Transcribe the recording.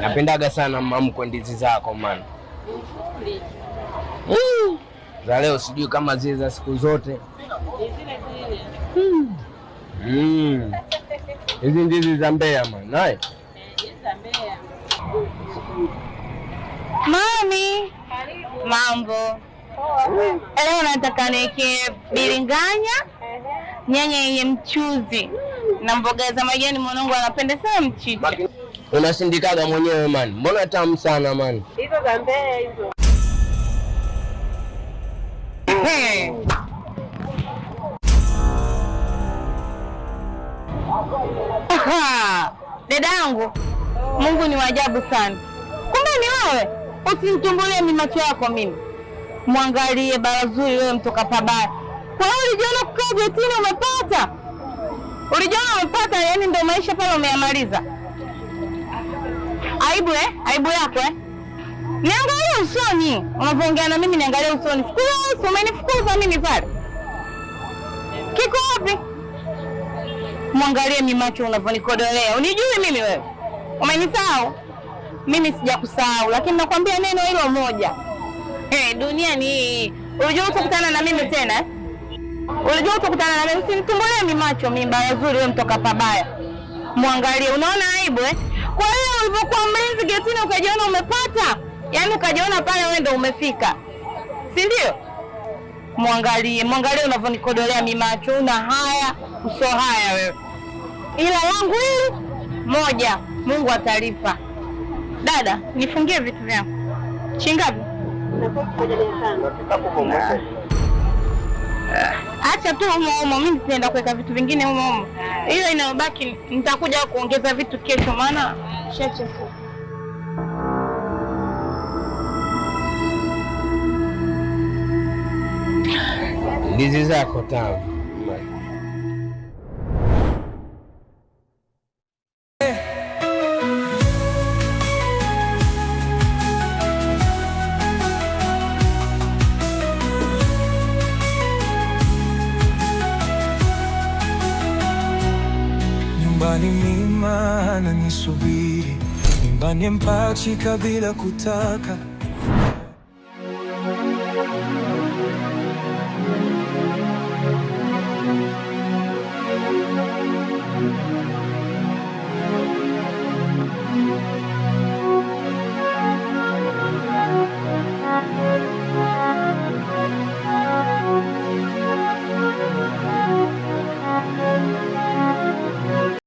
Napendaga sana mamkwe ndizi zako man. Mm. Za leo sijui kama zile za siku zote hmm. Hmm. Hizi ndizi za Mbeya man. Naye. Mami, mambo leo nataka niweke biringanya nyanya yenye mchuzi na mboga za majani. Mwanangu anapenda sana mchicha. Unasindikaga mwenyewe mani, mbona tamu sana man. Hizo za mbele hizo. Hmm. Dada yangu, Mungu ni waajabu sana. Kumbe ni wewe. Usimtumbulie mi macho yako mimi, mwangalie bara zuri wewe, mtoka pabaya. Kwa hiyo ulijiona kukaa getini umepata Ulijiona umepata, yani ndio maisha pale, umeyamaliza. Aibu eh? Aibu yako eh? Niangalie usoni unavyoongea na mimi, niangalie usoni. Fukuza, umenifukuza mimi pale, kiko wapi? Mwangalie mimacho unavyonikodolea, unijui mimi wewe? Umenisahau mimi? Sijakusahau, lakini nakwambia neno hilo moja, hey, dunia ni ulijua utakutana na mimi tena eh? Unajua utakutana na mimi, tumbolee mi macho mimi baya wewe mtoka pabaya, mwangalie, unaona aibu eh? Kwa hiyo ulipokuwa mlinzi getini ukajiona umepata, yaani ukajiona pale wewe ndio umefika, si ndio? Mwangalie, mwangalie unavyonikodolea mi macho, una haya uso haya wewe, ila langu hili moja, Mungu atalipa. Dada, nifungie vitu vyangu. Shingapi? Acha tu humo humo, mimi nitaenda kuweka vitu vingine humo humo, eh. hiyo inayobaki nitakuja kuongeza vitu kesho, maana shachefuka. Ndizi zako tamu Nyumbani mima ananisubiri, nyumbani mpachi kabila kutaka